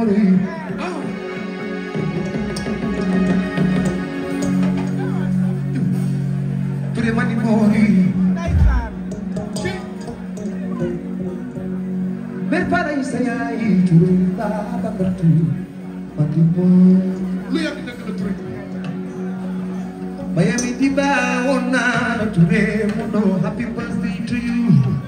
glory. Oh. To the money glory. Per paraíso aí, tudo dá pra tu, pra tu pôr. Leia que naquela treta. Miami Diba, oh, no, happy birthday to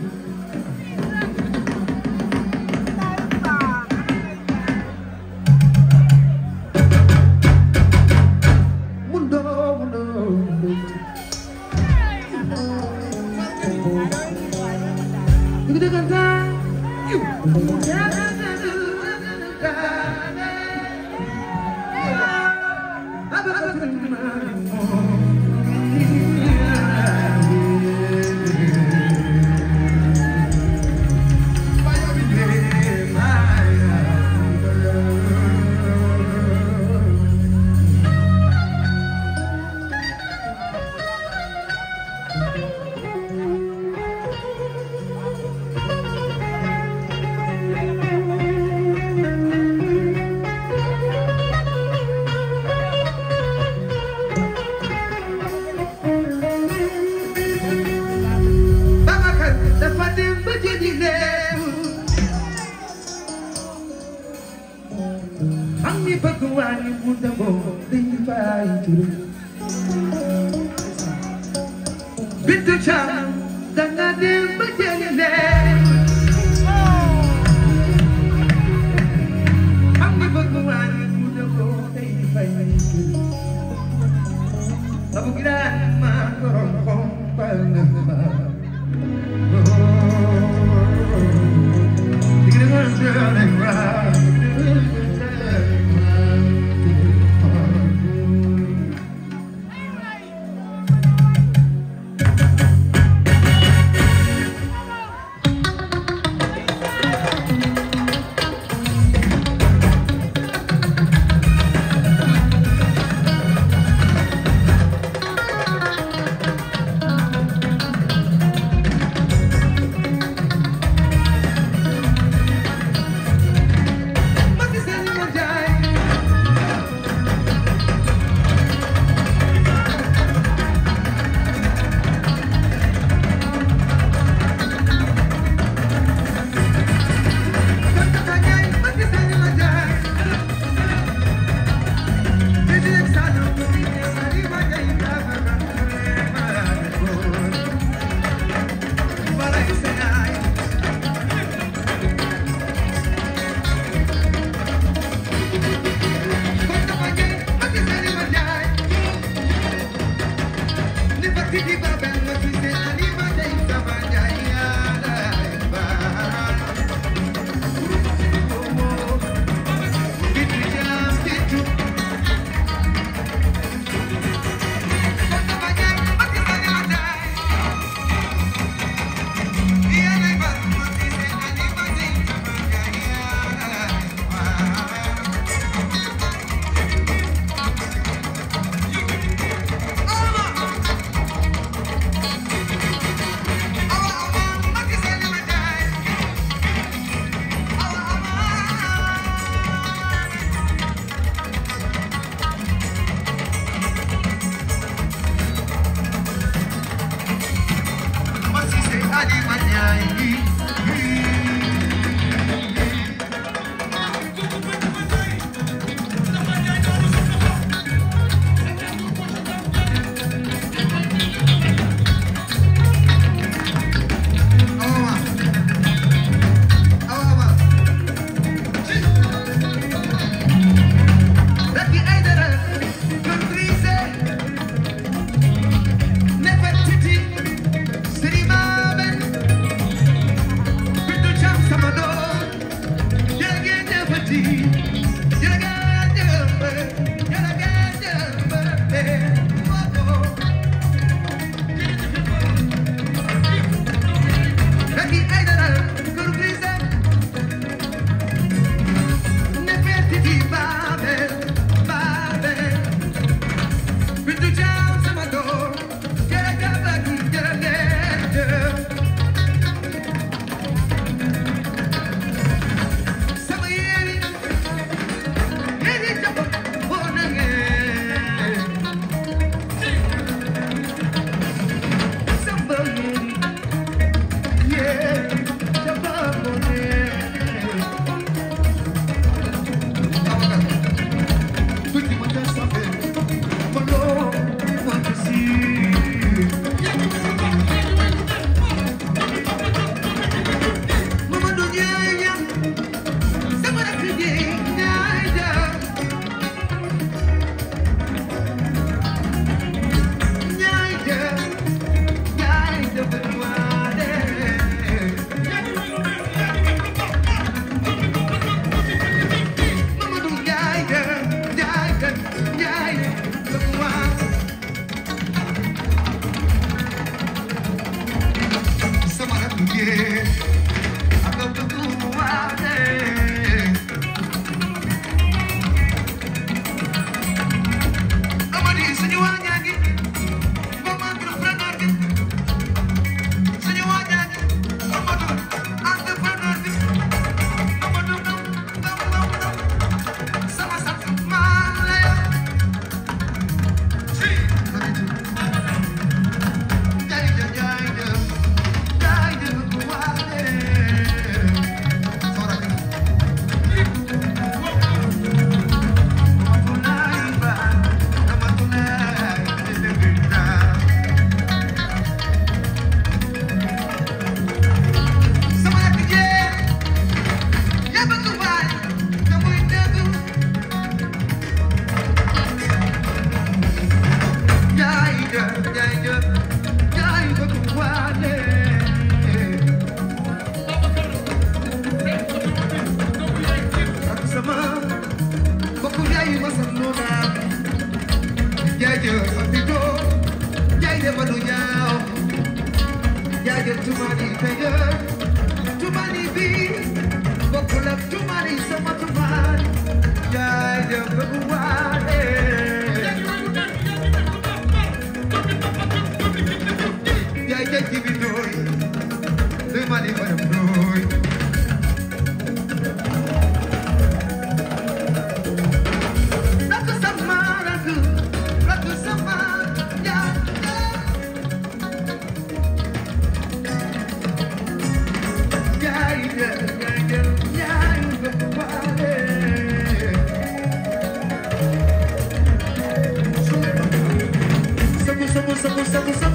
Música, música, música.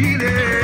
Guinée.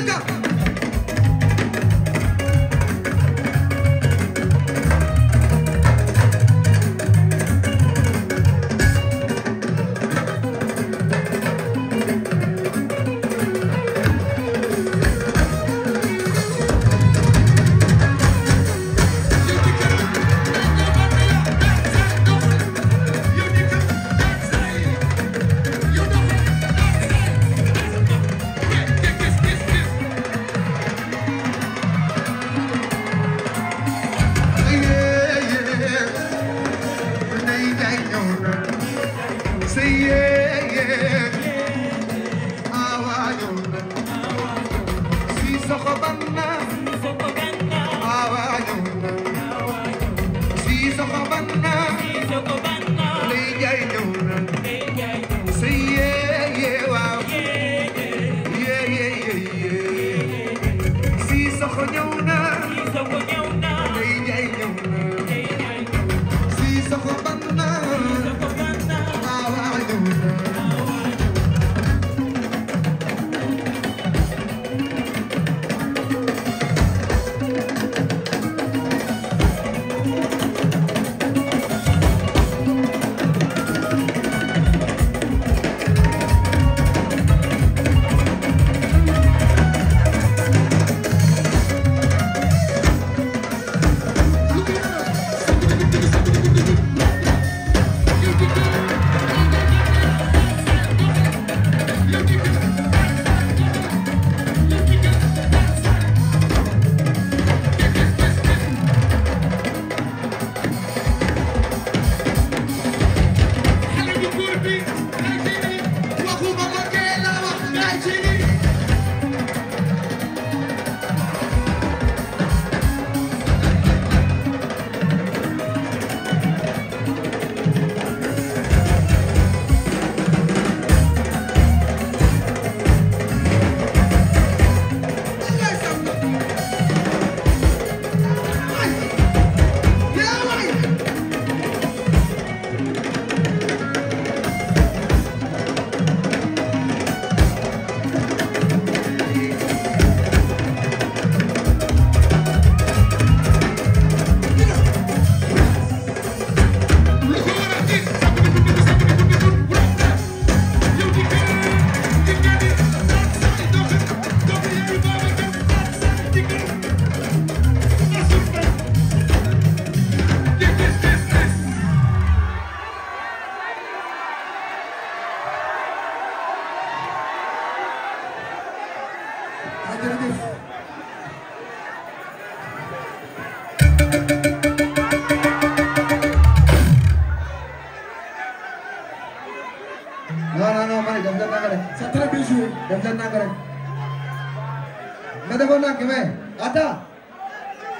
Sénégal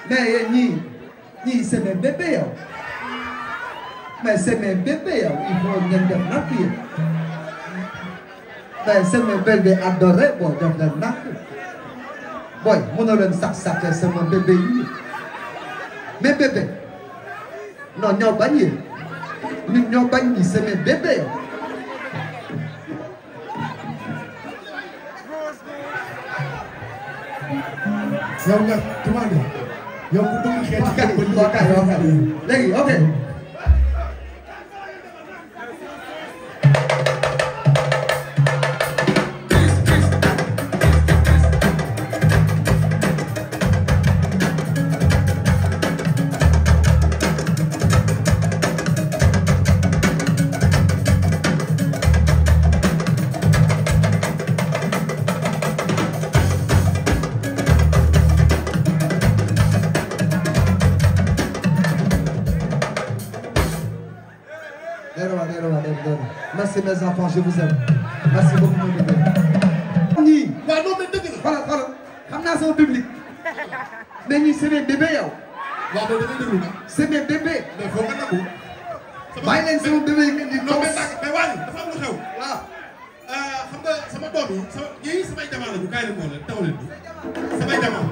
mais yéen ñii ñii c'est mes bébés yow mais c'est mes bébés yow il faut ngeen def nàkk yéen mais c'est mes bébés adorés boo def leen nàkk booy mënoo leen sax sax sama bébé yi mes bébés non ñoo bañ yéen ñun ñoo bañ ñii c'est mes yow ku bëgg xeeti kat bëgg ko kat yoo xam ne léegi ok les enfants je vous aime merci beaucoup mon bébé. ñii. waaw non mais dëgg la. xoolal xoolal xam naa sama public. mais ñii c'est mes bébés yow. waaw loolu dafay déglu nag. c'est mes bébés. mais foo ko nangu. bàyyi leen sama bébé yi ngeen di. non mais nag mais waa dafa am lu xew. waaw. Euh, xam nga sama doom yi sama ñii samay jamono lañu kaay la moo leen taw leen ñu. samay jamono.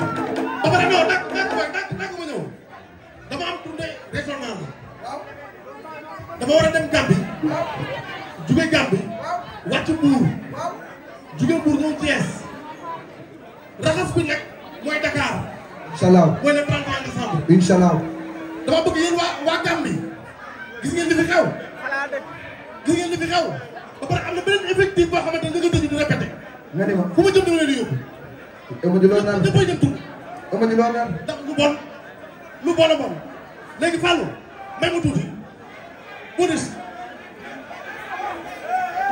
ba pare non nag nag mooy nag nag ma ñëw dama am tournée régionale la. waaw. dama war a dem Gambie. jóge Gàmbi wàcc Mbuur jóge Mbuur ñëw Thiès raxas bi nag mooy Dakar. incha allah mooy le 31 décembre. incha dama bëgg yéen waa waa Gàmbi gis ngeen li fi xew. gis ngeen li fi am na beneen effectif boo xamante ne nga gëj di répété. nga ne ma fu ma jëm dama leen di yóbbu. dama di lool naan dama jëm tur. dama di lool naan. ndax lu bon lu bon a may ma tuuti.